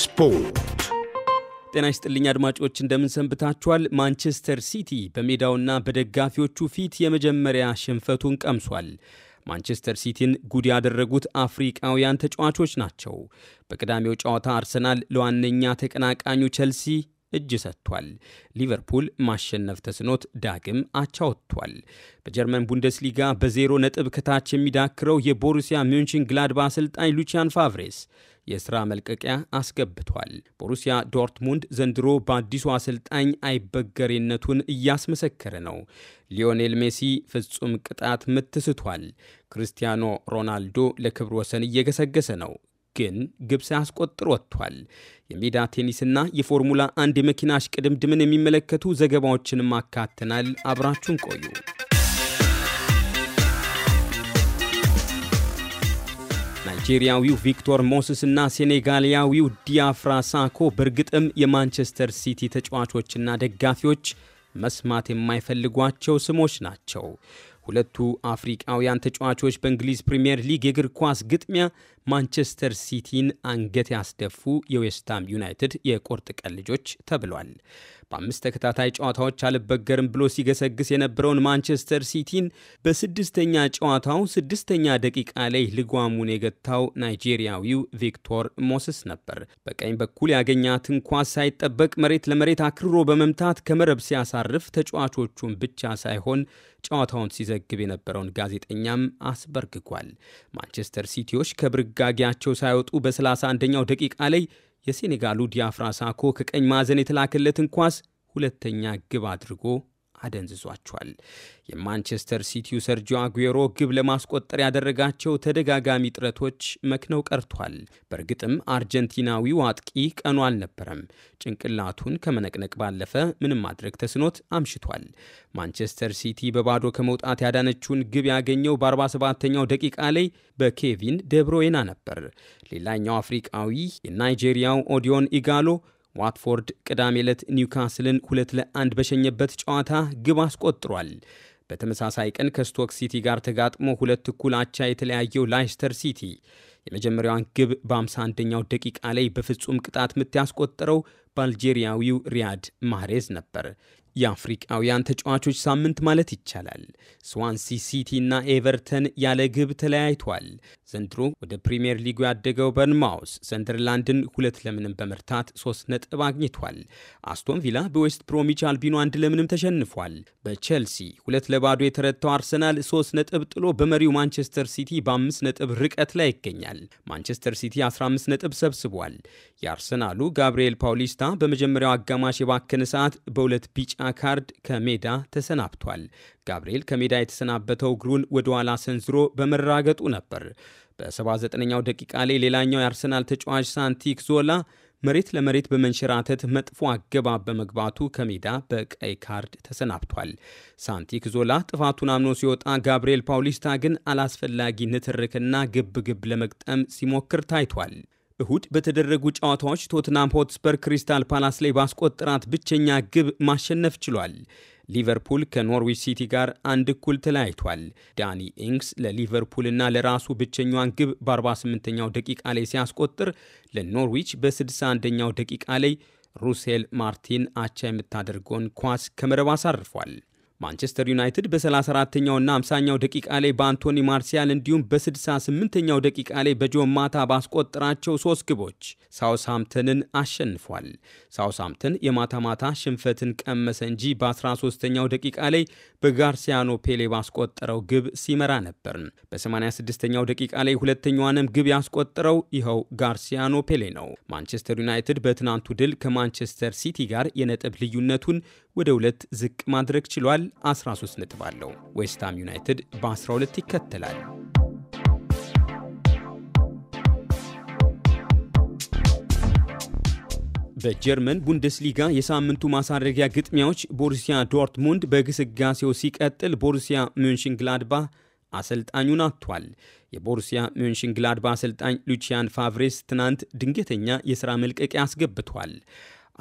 ስፖርት ጤና ይስጥልኝ አድማጮች፣ እንደምንሰንብታችኋል። ማንቸስተር ሲቲ በሜዳውና በደጋፊዎቹ ፊት የመጀመሪያ ሽንፈቱን ቀምሷል። ማንቸስተር ሲቲን ጉድ ያደረጉት አፍሪቃውያን ተጫዋቾች ናቸው። በቅዳሜው ጨዋታ አርሰናል ለዋነኛ ተቀናቃኙ ቸልሲ እጅ ሰጥቷል። ሊቨርፑል ማሸነፍ ተስኖት ዳግም አቻ ወጥቷል። በጀርመን ቡንደስሊጋ በዜሮ ነጥብ ከታች የሚዳክረው የቦሩሲያ ሚንሽን ግላድባ አሰልጣኝ ሉቺያን ፋቭሬስ የስራ መልቀቂያ አስገብቷል። ቦሩሲያ ዶርትሙንድ ዘንድሮ በአዲሱ አሰልጣኝ አይበገሬነቱን እያስመሰከረ ነው። ሊዮኔል ሜሲ ፍጹም ቅጣት ምት ስቷል። ክርስቲያኖ ሮናልዶ ለክብር ወሰን እየገሰገሰ ነው ግን ግብ ሳያስቆጥር ወጥቷል። የሜዳ ቴኒስና የፎርሙላ አንድ የመኪና እሽቅድምድምን የሚመለከቱ ዘገባዎችንም አካተናል። አብራችሁን ቆዩ። ናይጄሪያዊው ቪክቶር ሞስስ እና ሴኔጋሊያዊው ዲያፍራ ሳኮ በእርግጥም የማንቸስተር ሲቲ ተጫዋቾችና ደጋፊዎች መስማት የማይፈልጓቸው ስሞች ናቸው። ሁለቱ አፍሪቃውያን ተጫዋቾች በእንግሊዝ ፕሪምየር ሊግ የእግር ኳስ ግጥሚያ ማንቸስተር ሲቲን አንገት ያስደፉ የዌስትሃም ዩናይትድ የቁርጥ ቀን ልጆች ተብሏል። በአምስት ተከታታይ ጨዋታዎች አልበገርም ብሎ ሲገሰግስ የነበረውን ማንቸስተር ሲቲን በስድስተኛ ጨዋታው ስድስተኛ ደቂቃ ላይ ልጓሙን የገታው ናይጄሪያዊው ቪክቶር ሞስስ ነበር። በቀኝ በኩል ያገኛትን ኳስ ሳይጠበቅ መሬት ለመሬት አክርሮ በመምታት ከመረብ ሲያሳርፍ ተጫዋቾቹን ብቻ ሳይሆን ጨዋታውን ሲዘግብ የነበረውን ጋዜጠኛም አስበርግጓል። ማንቸስተር ሲቲዎች ከብርጋጌያቸው ሳይወጡ በ31ኛው ደቂቃ ላይ የሴኔጋሉ ዲያፍራ ሳኮ ከቀኝ ማዕዘን የተላከለትን ኳስ ሁለተኛ ግብ አድርጎ አደንዝዟቸዋል። የማንቸስተር ሲቲው ሰርጂዮ አጉዌሮ ግብ ለማስቆጠር ያደረጋቸው ተደጋጋሚ ጥረቶች መክነው ቀርቷል። በእርግጥም አርጀንቲናዊው አጥቂ ቀኑ አልነበረም። ጭንቅላቱን ከመነቅነቅ ባለፈ ምንም ማድረግ ተስኖት አምሽቷል። ማንቸስተር ሲቲ በባዶ ከመውጣት ያዳነችውን ግብ ያገኘው በ47ኛው ደቂቃ ላይ በኬቪን ደብሮይና ነበር። ሌላኛው አፍሪቃዊ የናይጄሪያው ኦዲዮን ኢጋሎ ዋትፎርድ ቅዳሜ ዕለት ኒውካስልን ሁለት ለአንድ በሸኘበት ጨዋታ ግብ አስቆጥሯል። በተመሳሳይ ቀን ከስቶክ ሲቲ ጋር ተጋጥሞ ሁለት እኩል አቻ የተለያየው ላይስተር ሲቲ የመጀመሪያዋን ግብ በ51ኛው ደቂቃ ላይ በፍጹም ቅጣት ምት ያስቆጠረው በአልጄሪያዊው ሪያድ ማህሬዝ ነበር። የአፍሪቃውያን ተጫዋቾች ሳምንት ማለት ይቻላል። ስዋንሲ ሲቲ እና ኤቨርተን ያለ ግብ ተለያይቷል። ዘንድሮ ወደ ፕሪምየር ሊጉ ያደገው በርንማውስ ሰንደርላንድን ሁለት ለምንም በመርታት ሶስት ነጥብ አግኝቷል። አስቶን ቪላ በዌስት ብሮሚች አልቢኖ አንድ ለምንም ተሸንፏል። በቼልሲ ሁለት ለባዶ የተረታው አርሰናል ሶስት ነጥብ ጥሎ በመሪው ማንቸስተር ሲቲ በአምስት ነጥብ ርቀት ላይ ይገኛል። ማንቸስተር ሲቲ 15 ነጥብ ሰብስቧል። የአርሰናሉ ጋብርኤል ፓውሊስታ በመጀመሪያው አጋማሽ የባከነ ሰዓት በሁለት ቢጫ ካርድ ከሜዳ ተሰናብቷል። ጋብርኤል ከሜዳ የተሰናበተው እግሩን ወደ ኋላ ሰንዝሮ በመራገጡ ነበር። በ79ኛው ደቂቃ ላይ ሌላኛው የአርሰናል ተጫዋች ሳንቲክ ዞላ መሬት ለመሬት በመንሸራተት መጥፎ አገባብ በመግባቱ ከሜዳ በቀይ ካርድ ተሰናብቷል። ሳንቲክ ዞላ ጥፋቱን አምኖ ሲወጣ፣ ጋብርኤል ፓውሊስታ ግን አላስፈላጊ ንትርክና ግብግብ ለመግጠም ሲሞክር ታይቷል። እሁድ በተደረጉ ጨዋታዎች ቶትናም ሆትስፐር ክሪስታል ፓላስ ላይ ባስቆጠራት ብቸኛ ግብ ማሸነፍ ችሏል። ሊቨርፑል ከኖርዊች ሲቲ ጋር አንድ እኩል ተለያይቷል። ዳኒ ኢንግስ ለሊቨርፑልና ለራሱ ብቸኛዋን ግብ በ48ኛው ደቂቃ ላይ ሲያስቆጥር ለኖርዊች በ61ኛው ደቂቃ ላይ ሩሴል ማርቲን አቻ የምታደርገውን ኳስ ከመረብ አሳርፏል። ማንቸስተር ዩናይትድ በ34ኛውና 50ኛው ደቂቃ ላይ በአንቶኒ ማርሲያል እንዲሁም በ68ኛው ደቂቃ ላይ በጆን ማታ ባስቆጠራቸው ሶስት ግቦች ሳውስሃምተንን አሸንፏል። ሳውስሃምተን የማታ ማታ ሽንፈትን ቀመሰ እንጂ በ13ኛው ደቂቃ ላይ በጋርሲያኖ ፔሌ ባስቆጠረው ግብ ሲመራ ነበር። በ86ኛው ደቂቃ ላይ ሁለተኛዋንም ግብ ያስቆጠረው ይኸው ጋርሲያኖ ፔሌ ነው። ማንቸስተር ዩናይትድ በትናንቱ ድል ከማንቸስተር ሲቲ ጋር የነጥብ ልዩነቱን ወደ ሁለት ዝቅ ማድረግ ችሏል። 13 ነጥብ አለው። ዌስትሃም ዩናይትድ በ12 ይከተላል። በጀርመን ቡንደስሊጋ የሳምንቱ ማሳረጊያ ግጥሚያዎች ቦሩሲያ ዶርትሙንድ በግስጋሴው ሲቀጥል ቦሩሲያ ሚንሽንግላድባ አሰልጣኙን አጥቷል። የቦሩሲያ ሚንሽንግላድባ አሰልጣኝ ሉቺያን ፋቭሬስ ትናንት ድንገተኛ የሥራ መልቀቂያ አስገብቷል።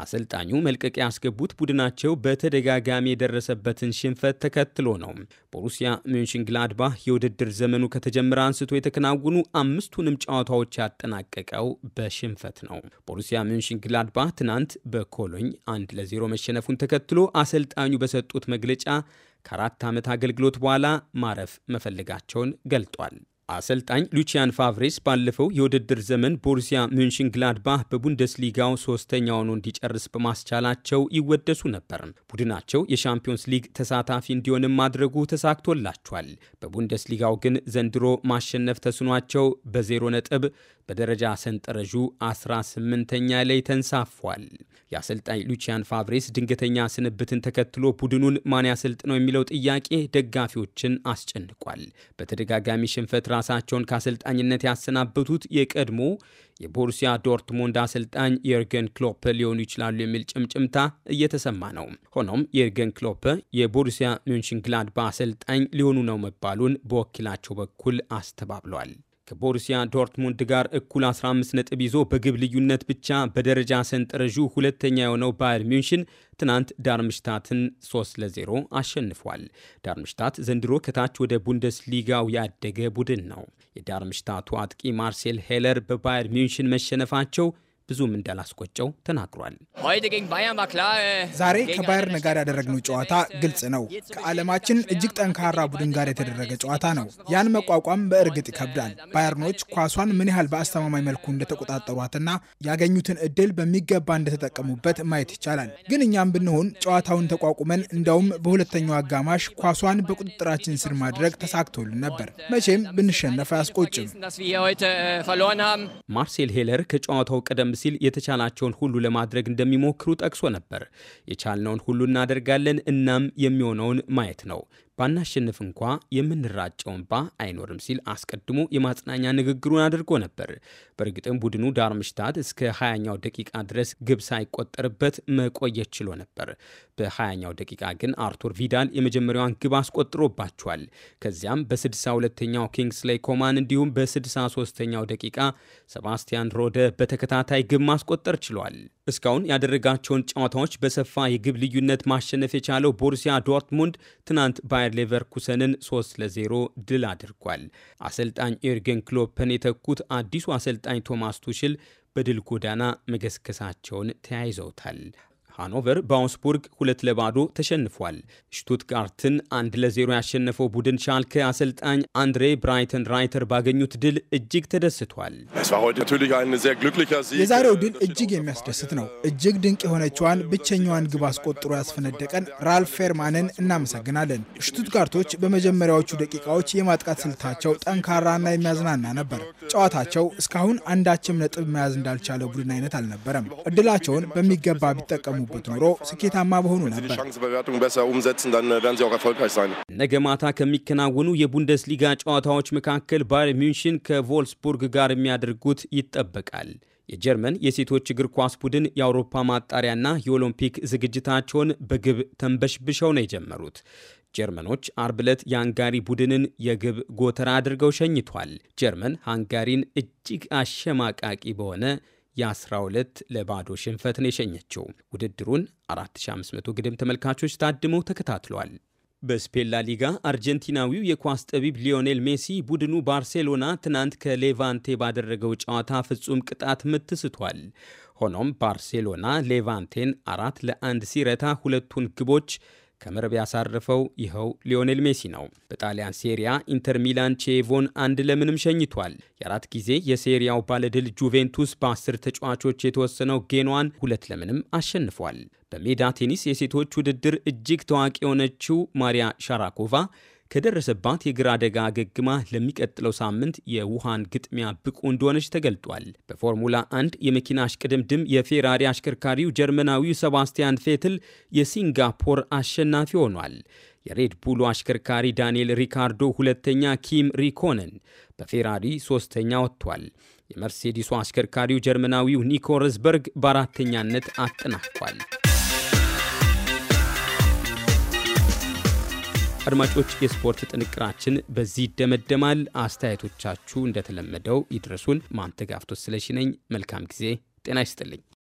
አሰልጣኙ መልቀቅ ያስገቡት ቡድናቸው በተደጋጋሚ የደረሰበትን ሽንፈት ተከትሎ ነው። ቦሩሲያ ሚንሽንግላድባህ የውድድር ዘመኑ ከተጀመረ አንስቶ የተከናወኑ አምስቱንም ጨዋታዎች ያጠናቀቀው በሽንፈት ነው። ቦሩሲያ ሚንሽንግላድባህ ትናንት በኮሎኝ አንድ ለዜሮ መሸነፉን ተከትሎ አሰልጣኙ በሰጡት መግለጫ ከአራት ዓመት አገልግሎት በኋላ ማረፍ መፈለጋቸውን ገልጧል። አሰልጣኝ ሉቺያን ፋቭሬስ ባለፈው የውድድር ዘመን ቦሩሲያ ሚንሽን ግላድባህ በቡንደስሊጋው ሶስተኛ ሆኖ እንዲጨርስ በማስቻላቸው ይወደሱ ነበር። ቡድናቸው የሻምፒዮንስ ሊግ ተሳታፊ እንዲሆንም ማድረጉ ተሳክቶላቸዋል። በቡንደስሊጋው ግን ዘንድሮ ማሸነፍ ተስኗቸው በዜሮ ነጥብ በደረጃ ሰንጠረዡ 18ኛ ላይ ተንሳፏል። የአሰልጣኝ ሉቺያን ፋቭሬስ ድንገተኛ ስንብትን ተከትሎ ቡድኑን ማን ያሰልጥነው የሚለው ጥያቄ ደጋፊዎችን አስጨንቋል። በተደጋጋሚ ሽንፈት ራሳቸውን ከአሰልጣኝነት ያሰናበቱት የቀድሞ የቦሩሲያ ዶርትሙንድ አሰልጣኝ የርገን ክሎፕ ሊሆኑ ይችላሉ የሚል ጭምጭምታ እየተሰማ ነው። ሆኖም የርገን ክሎፕ የቦሩሲያ ሚንሽንግላድ አሰልጣኝ ሊሆኑ ነው መባሉን በወኪላቸው በኩል አስተባብሏል። ከቦሩሲያ ዶርትሙንድ ጋር እኩል 15 ነጥብ ይዞ በግብ ልዩነት ብቻ በደረጃ ሰንጠረዡ ሁለተኛ የሆነው ባየር ሚንሽን ትናንት ዳርምሽታትን 3 ለ0 አሸንፏል። ዳርምሽታት ዘንድሮ ከታች ወደ ቡንደስሊጋው ያደገ ቡድን ነው። የዳርምሽታቱ አጥቂ ማርሴል ሄለር በባየር ሚንሽን መሸነፋቸው ብዙም እንዳላስቆጨው ተናግሯል። ዛሬ ከባየርን ጋር ያደረግነው ጨዋታ ግልጽ ነው። ከዓለማችን እጅግ ጠንካራ ቡድን ጋር የተደረገ ጨዋታ ነው። ያን መቋቋም በእርግጥ ይከብዳል። ባየርኖች ኳሷን ምን ያህል በአስተማማኝ መልኩ እንደተቆጣጠሯትና ያገኙትን እድል በሚገባ እንደተጠቀሙበት ማየት ይቻላል። ግን እኛም ብንሆን ጨዋታውን ተቋቁመን እንዳውም በሁለተኛው አጋማሽ ኳሷን በቁጥጥራችን ስር ማድረግ ተሳክቶልን ነበር። መቼም ብንሸነፍ አያስቆጭም። ማርሴል ሄለር ከጨዋታው ቀደም ሲል የተቻላቸውን ሁሉ ለማድረግ እንደሚሞክሩ ጠቅሶ ነበር። የቻልነውን ሁሉ እናደርጋለን፣ እናም የሚሆነውን ማየት ነው። ባናሸንፍ እንኳ የምንራጨው እንባ አይኖርም ሲል አስቀድሞ የማጽናኛ ንግግሩን አድርጎ ነበር። በእርግጥም ቡድኑ ዳርምሽታት እስከ 20ኛው ደቂቃ ድረስ ግብ ሳይቆጠርበት መቆየት ችሎ ነበር። በ20ኛው ደቂቃ ግን አርቱር ቪዳል የመጀመሪያዋን ግብ አስቆጥሮባቸዋል። ከዚያም በ62ኛው ኪንግስሌይ ኮማን እንዲሁም በ63ኛው ደቂቃ ሰባስቲያን ሮደ በተከታታይ ግብ ማስቆጠር ችሏል። እስካሁን ያደረጋቸውን ጨዋታዎች በሰፋ የግብ ልዩነት ማሸነፍ የቻለው ቦሩሲያ ዶርትሙንድ ትናንት ባየር ባየር ሌቨርኩሰንን 3 ለ0 ድል አድርጓል። አሰልጣኝ ኤርገን ክሎፕን የተኩት አዲሱ አሰልጣኝ ቶማስ ቱሽል በድል ጎዳና መገስገሳቸውን ተያይዘውታል። ሃኖቨር በአውስቡርግ ሁለት ለባዶ ተሸንፏል። ሽቱትጋርትን አንድ ለዜሮ ያሸነፈው ቡድን ሻልከ አሰልጣኝ አንድሬ ብራይተን ራይተር ባገኙት ድል እጅግ ተደስቷል። የዛሬው ድል እጅግ የሚያስደስት ነው። እጅግ ድንቅ የሆነችዋን ብቸኛዋን ግብ አስቆጥሮ ያስፈነደቀን ራልፍ ፌርማንን እናመሰግናለን። ሽቱትጋርቶች በመጀመሪያዎቹ ደቂቃዎች የማጥቃት ስልታቸው ጠንካራና የሚያዝናና ነበር። ጨዋታቸው እስካሁን አንዳችም ነጥብ መያዝ እንዳልቻለ ቡድን አይነት አልነበረም። እድላቸውን በሚገባ ቢጠቀሙ ቢያደርጉበት ኑሮ ስኬታማ በሆኑ ነበር። äh, ነገ ማታ ከሚከናወኑ የቡንደስሊጋ ጨዋታዎች መካከል ባየር ሚንሽን ከቮልስቡርግ ጋር የሚያደርጉት ይጠበቃል። የጀርመን የሴቶች እግር ኳስ ቡድን የአውሮፓ ማጣሪያና የኦሎምፒክ ዝግጅታቸውን በግብ ተንበሽብሸው ነው የጀመሩት። ጀርመኖች አርብ ዕለት ቡድንን የግብ ጎተራ አድርገው ሸኝቷል። ጀርመን ሃንጋሪን እጅግ አሸማቃቂ በሆነ የ12 ለባዶ ሽንፈት ነው የሸኘችው። ውድድሩን 4500 ግድም ተመልካቾች ታድመው ተከታትሏል። በስፔን ላ ሊጋ አርጀንቲናዊው የኳስ ጠቢብ ሊዮኔል ሜሲ ቡድኑ ባርሴሎና ትናንት ከሌቫንቴ ባደረገው ጨዋታ ፍጹም ቅጣት ምት ስቷል። ሆኖም ባርሴሎና ሌቫንቴን አራት ለአንድ ሲረታ ሁለቱን ግቦች ከመረብ ያሳረፈው ይኸው ሊዮኔል ሜሲ ነው። በጣሊያን ሴሪያ ኢንተር ሚላን ቼቮን አንድ ለምንም ሸኝቷል። የአራት ጊዜ የሴሪያው ባለድል ጁቬንቱስ በአስር ተጫዋቾች የተወሰነው ጌኗን ሁለት ለምንም አሸንፏል። በሜዳ ቴኒስ የሴቶች ውድድር እጅግ ታዋቂ የሆነችው ማሪያ ሻራኮቫ ከደረሰባት የእግር አደጋ አገግማ ለሚቀጥለው ሳምንት የውሃን ግጥሚያ ብቁ እንደሆነች ተገልጧል። በፎርሙላ አንድ የመኪና አሽቅድምድም የፌራሪ አሽከርካሪው ጀርመናዊው ሰባስቲያን ፌትል የሲንጋፖር አሸናፊ ሆኗል። የሬድ ቡሉ አሽከርካሪ ዳንኤል ሪካርዶ ሁለተኛ፣ ኪም ሪኮነን በፌራሪ ሶስተኛ ወጥቷል። የመርሴዲሱ አሽከርካሪው ጀርመናዊው ኒኮ ረዝበርግ በአራተኛነት አጠናቋል። አድማጮች፣ የስፖርት ጥንቅራችን በዚህ ይደመደማል። አስተያየቶቻችሁ እንደተለመደው ይድረሱን። ማንተጋፍቶት ስለሽነኝ መልካም ጊዜ። ጤና ይስጥልኝ።